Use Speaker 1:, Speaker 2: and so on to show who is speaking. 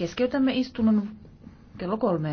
Speaker 1: Keskeytämme istunnon kello kolme.